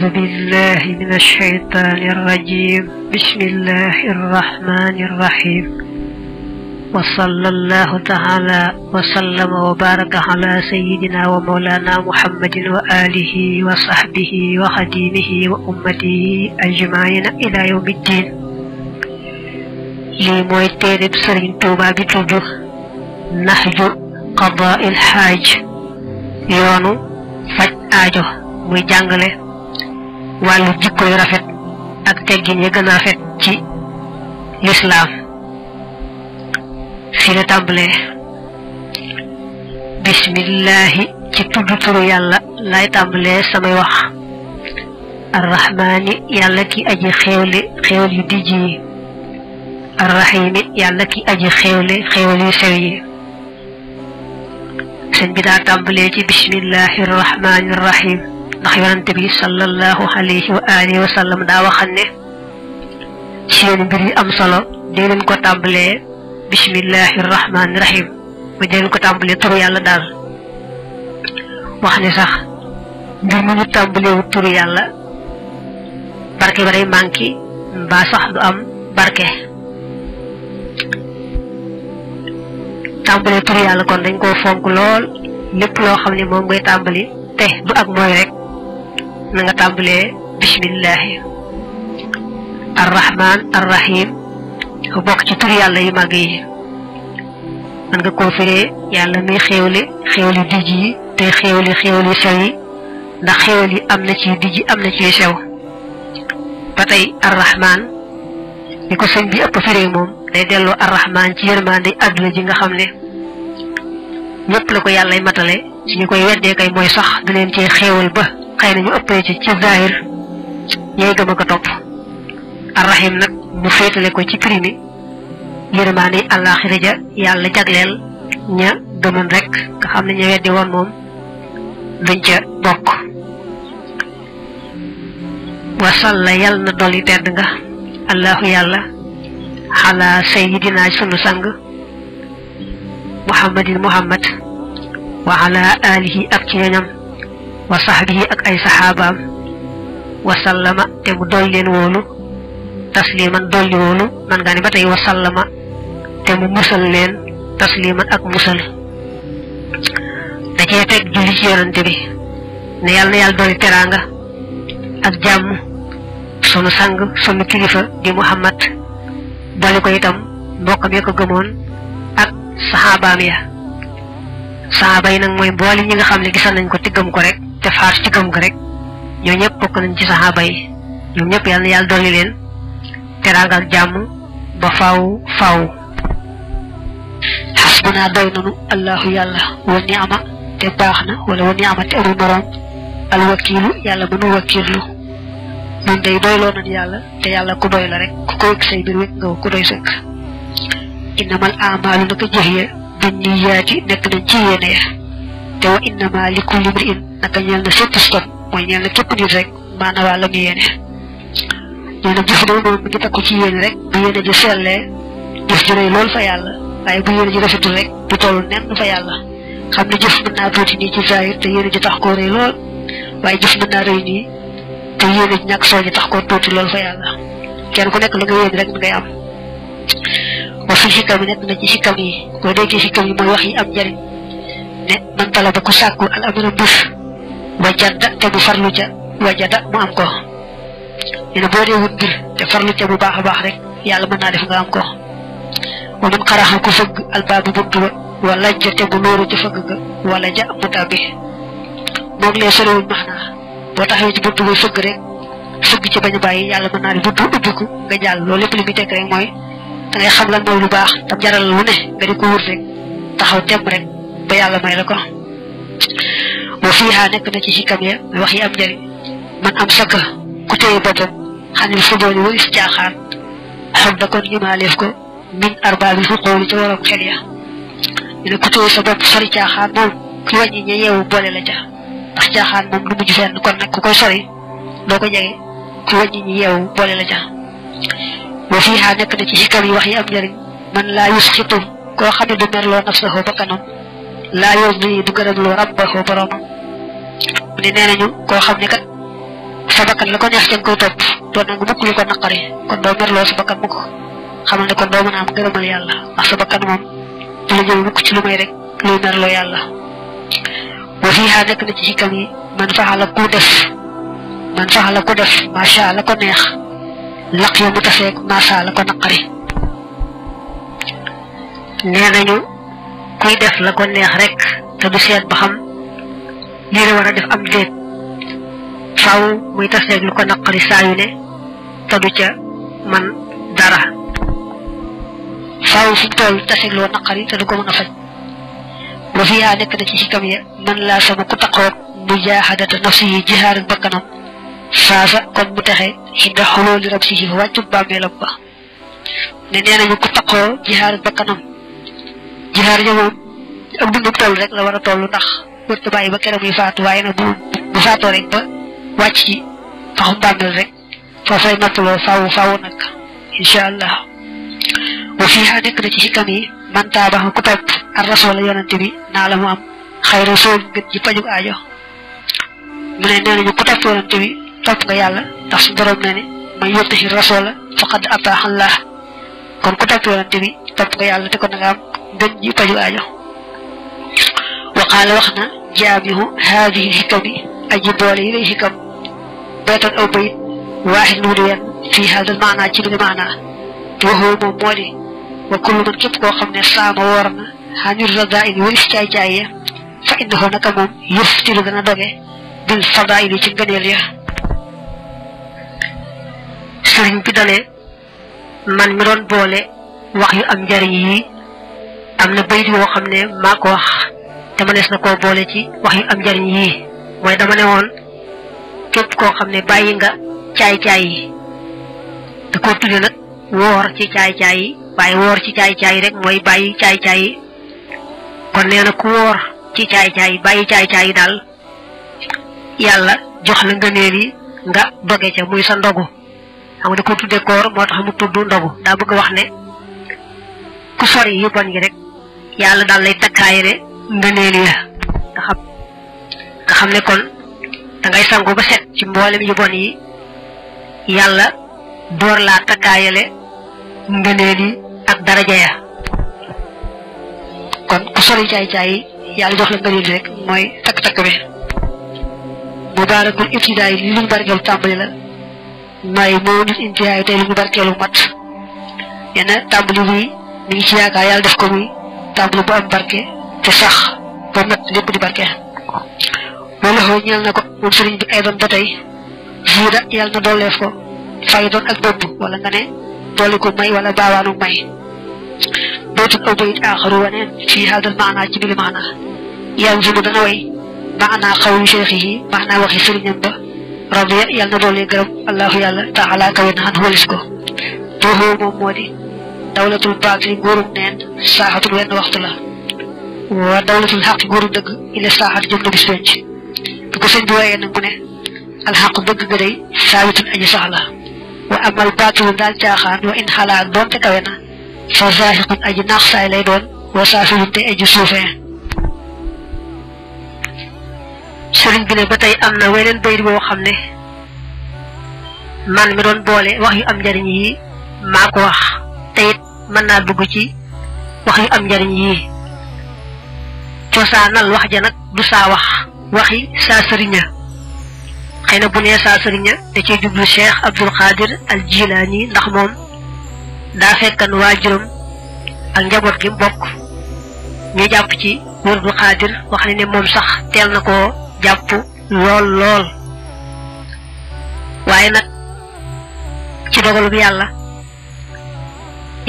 أعوذ بالله من الشيطان الرجيم بسم الله الرحمن الرحيم وصلى الله تعالى وسلم وبارك على سيدنا ومولانا محمد وآله وصحبه وخديمه وأمته أجمعين إلى يوم الدين لمؤتين بسرين تيرب سرين توبا بي نهج قضاء الحاج يونو فاج آجو wàllu jikko yu rafet ak teggin yi gën a rafet ci lislaam fi la tàmbalee bismillaahi ci tudd turu yàlla lay tàmbalee samay wax arrahmaani yàlla ki aji xéewle xéewal yu yi arrahiimi yàlla ki aji xéewle xéewal sew yi sëñ bi daa tàmbalee ci bismillaahi arrahmaani arrahiim ndax yonante bi sallallahu alayhi wa alihi wa sallam daa waxan ne seen mbir yi am solo dee leen ko tàmbalee bismillahi rahmaani rahim ba dee leen ko tàmbalee turu yàlla daal wax sax mbir mu ñu tàmbaleewu turu yàlla barke ba day manqué mbaa sax du am barke tàmbalee turu yàlla kon dañ koo fonk lool lépp loo xam ne moom ngay tàmbali te du ak mooy rek نغا تابلي بسم الله الرحمن الرحيم وبوك تي تري الله يماغي نغا كوفري يالا مي خيولي خيولي ديجي تي خيولي خيولي سوي دا خيولي امنا تي ديجي امنا تي سيو باتاي الرحمن نيكو سيغ بي اوب فري موم داي ديلو الرحمن تي يرمان دي ادلا جيغا خاملي نيب لاكو يالا ماتالي سي ni koy wedde kay moy sax dinen ci xewal ba xëy na ñu ëppee ci ci zahir ñay gëm ko topp arrahim nag mu féetale ko ci primi yërmaane alaxira ja yàlla jagleel ña gëmoon rek nga xam ne ña weddi woon moom ca bokk wasalla yal na doli tedd nga sunu sang muhammadin muhammad wa ala alihi ak ci wa sahbihi ak ay saxaabaam wasallama te mu dool leen woolu tasliman dolli woolu man nga ne ba tey wasallama te mu musal leen tasliman ak musal da cee teg julli ci yonante bi ne yàlla na yàlla dolli teraanga ak jàmm sunu sang sunu kilifa di muhammad dolli ko itam mbokkam ya ko gëmoon ak saxaabaam ya saxaaba yi nag mooy mboole ñi nga xam ne gisal nañ ko tiggam ko rek te faatu ci gëm ga rek ñoo ñëpp nañ ci saxaaba yi ñoom ñëpp yàlla na yàlla dolli leen teraanga ak jàmm ba faaw faaw xasbuna doy nanu allahu yàlla wa ni'ama te baax na wala wa ni'ama te amul moroom alwakiilu yàlla mënu wakiilu ñun day doyloo yàlla te yàlla ku doy rek ku ko wëkk say biir wékk nga ku doy sëkk innamal amaalu naka jëf ya bin niyaati nekk nañ ci yéene te inna ma li kulli mri'in naka ñal na sopp sopp mooy ñal na képp nit rek maana waa la ya, mu yéene nee na jëf day moom mi ngi ci yene ya, rek bu yene ji selle jëf ji lool fa yalla waaye bu yene ji rafetu rek bu toll nenn fa yalla xam ne jëf na naa tuuti nii ci zahir te yene ji tax ko re lool waaye jëf mën naa rëy nii te yene ji ñak soñu ji tax koo tuuti lool fa yalla kenn ku nekk lu nga yéene ya, rek ngay am wa fi xikam nekk na ci xikam yi de ci xikam yi mooy wax yi am njariñ ne man talaba ku sàkku al amana mbëf wajada te mu farlu ca wajada mu am ko nee boo dee wut mbir te farlu ca bu baax a baax rek yàlla mën naa def nga am ko wa man xaraxa ku fëgg albaabu bunt ba wala ja te mu nooru ca fëgg nga wala ja mu tàbbi moom lee sorewul ci bunt ba fëgg rek ci bañ a bàyyi yàlla mën naa def bunt ubbiku loolu lépp li muy tekk rek mooy da xam lan mooy bu baax tam jaral lu ne nga di ko wut rek taxaw temm rek ba yàlla may la ko wa fiiha nekk na ci xikam ya muy wax yi am njëriñ man am sakka ku téye boppam xanil fudooli wa is caaxaan xam da kon ñumaaleef ko min arbaabi xuqooli ku sa bopp sori caaxaan moom ku wàññi ña yeewu boole kon ku koy sori doo ko jege ku wàññi ñi yeewu boole la ca wa fiiha nekk na ci xikam yi wax yi am njëriñ man laa yusxitu koo xam ne du merloo nafsahu bakkanam laa yurdi du gërëmloo rabbahu borom mu ne nee nañu koo xam ne kat sa bakkan la ko neex ca nga koy topp doo nangu mukk lu ko naqari kon doo merloo sa bakkan mu ko xamal ne kon a am gërëmal yàlla jël ci lu may rek luy merloo yàlla wa fiihaa nekk na ci xikam yi man faxala ku def man faxala ku def macha la ko neex laq yo mu taseek macha la ko naqari nee nañu kuy def la ko neex rek te du seet ba xam lii la a def am déet faaw muy taseeg lu ko naqari saa yu du ca man dara faaw fu mu toll taseeg loo naqari te du ko mën a faj ba fi yaa nekk na ci xikam ya man laa sama ku taqoog mujaahadata nafsi yi jihaaran bakkanam faasa kon mu texe xinda xolooli rab si ci wàccu bàmmeelam ba ne nee nañu ku taqoo jihaar ja moom ak dundub toll rek la war a toll ndax ta bàyyi ba keroog muy faatu waaye nag bu bu faatoo rek ba wàcc ci paxum bàmmeel rek foofay noppaloo faaw faaw nag incha allah wa fiiha nekk ci xikam yi man taabaxa ku topp ar yàlla ndax su borom ne ne man yottaxi rasul faqad ataaxallah kon ku topp yonante dañ ñu fajul aajo wa qaala wax na jaamihu haadihi xikami aji boole yi lay xikam baytan aw bayit waaxid nu mu di wenn fii haadal maanaa ci bi maanaa waxoo moom moo di wa kullu man képp koo xam ne saama woor na xanir radaa in walis caay-caay ya fa innahu naka moom yuftiru dana doge bil fadaili ci ngëneel ya sëriñ bi dalee man mi doon boole wax yu am njariñ yi am na bayit yoo xam ne maa ko wax te mënees na koo boole ci wax yu am njariñ yii mooy dama ne woon képp koo xam ne bàyyi nga caay-caay yi te koo tudde nag woor ci caay-caay yi waaye woor ci caay-caay rek mooy bàyyi caay-caay yi kon nee na ku woor ci yi bàyyi caay-caay yi daal yàlla jox la ngëneel yi nga doge ca muy sa ndogu xam nga ko koo tudde koor moo tax mu tudd ndogu daa bëgg wax ne ku sori yu bon yi rek yàlla daal lay takkaayale ngëneel ya nga xam nga xam ne kon da sangu ba set ci mboolem yu bon yi yàlla door laa takkaayale ngëneel yi ak daraja ya kon ku sori caay caay yi yàlla jox la rek mooy takk-takk bi mubaarakul ibtidaay li lu mu barkeelu tàmbali la may moo nit intihaay tey barkeelu mat nee na mi ci yaakaar yàlla def ko spectacle bu am barke te sax ba mat lépp di barke wala xoo ñeel na ko moom sëriñ bi ay doon ba tey ziida yàlla na dooleef ko fay ak bopp wala nga ne doole ko may wala baawaanu may baytun aw bayit aaxaru waneen fii haadal maanaa ci bili maanaa yàlla ji mu way maanaa xawlu cheikh yi waxi sëriñam ba rabbi yàlla na doolee gërëm allahu yàlla taala kawe na xan walis ko boo xoo dawlatul baatili nguurug neen saaxatul wenn waxtu la wa dawlatul xaq nguurug dëgg ila saaxat jëm na bis penc bi ko sëñ bi wooyee nag mu ne alxaq dëgg ga day saabitun aji sax la wa amal baatilu daal caaxaan wa in xalaat doonte kawe na fa zaaxiqun aji naax saay lay doon wa saafilun te aji suufee sëriñ bi ne ba tey am na weneen bayit boo xam ne man mi doon boole wax yu am njariñ yi maa ko wax tayit man na dugg ci wax yu am njariñ yi cosaanal wax ja nag du saa wax waxi saa sëriña ya. xëy bu nee saa sëriña ya, da cee jublu cheikh abdul khadir al Jilani ndax moom daa fekkan waajuram ak njaboot gi bokk ñu jàpp ci wërdul lol wax ne ne moom sax teel na koo jàpp lool lool waaye nag ci dogalub yàlla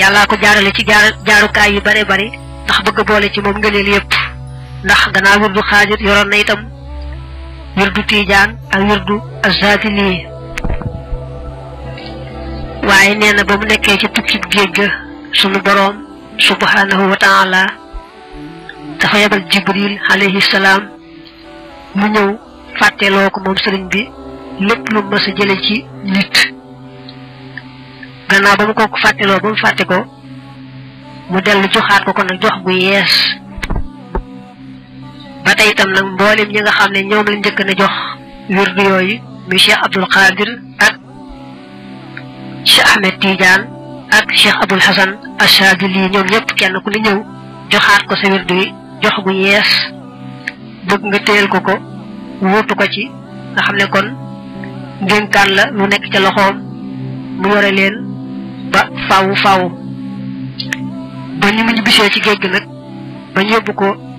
yàlla ko jaarale ci jaar jaarukaay yu bare bare ndax bëgg boole ci moom ngëneel yépp ndax gannaaw wirdu xaajir yoroon na itam wirdu tiijaan ak wirdu azadili waaye nee na ba ci tukki géej sunu boroom subhanahu wa taala dafa yebal jibril alayhi salaam mu ñëw fàtteeloo ko moom sëriñ bi lépp lu jële ci nit naa ba mu kooku fàtteloo ba mu fàtte ko mu dellu joxaat ko ko nag jox gu yees ba tey itam nag mboolem ñi nga xam ne ñoom la njëkk na jox wirdu yooyu muy Cheikh Abdul Qadir ak Cheikh Ahmed Tidiane ak Cheikh Abul Hasan Achadili ñoom ñëpp kenn ku ne ñëw joxaat ko sa wirdu yi jox gu yees bëgg nga téyel ko ko wóotu ko ci nga xam ne kon ndénkaan la lu nekk ca loxoom mu yore leen ba faw faw ba ni mu ñu bisee ci géej gi nag ko